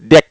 dekk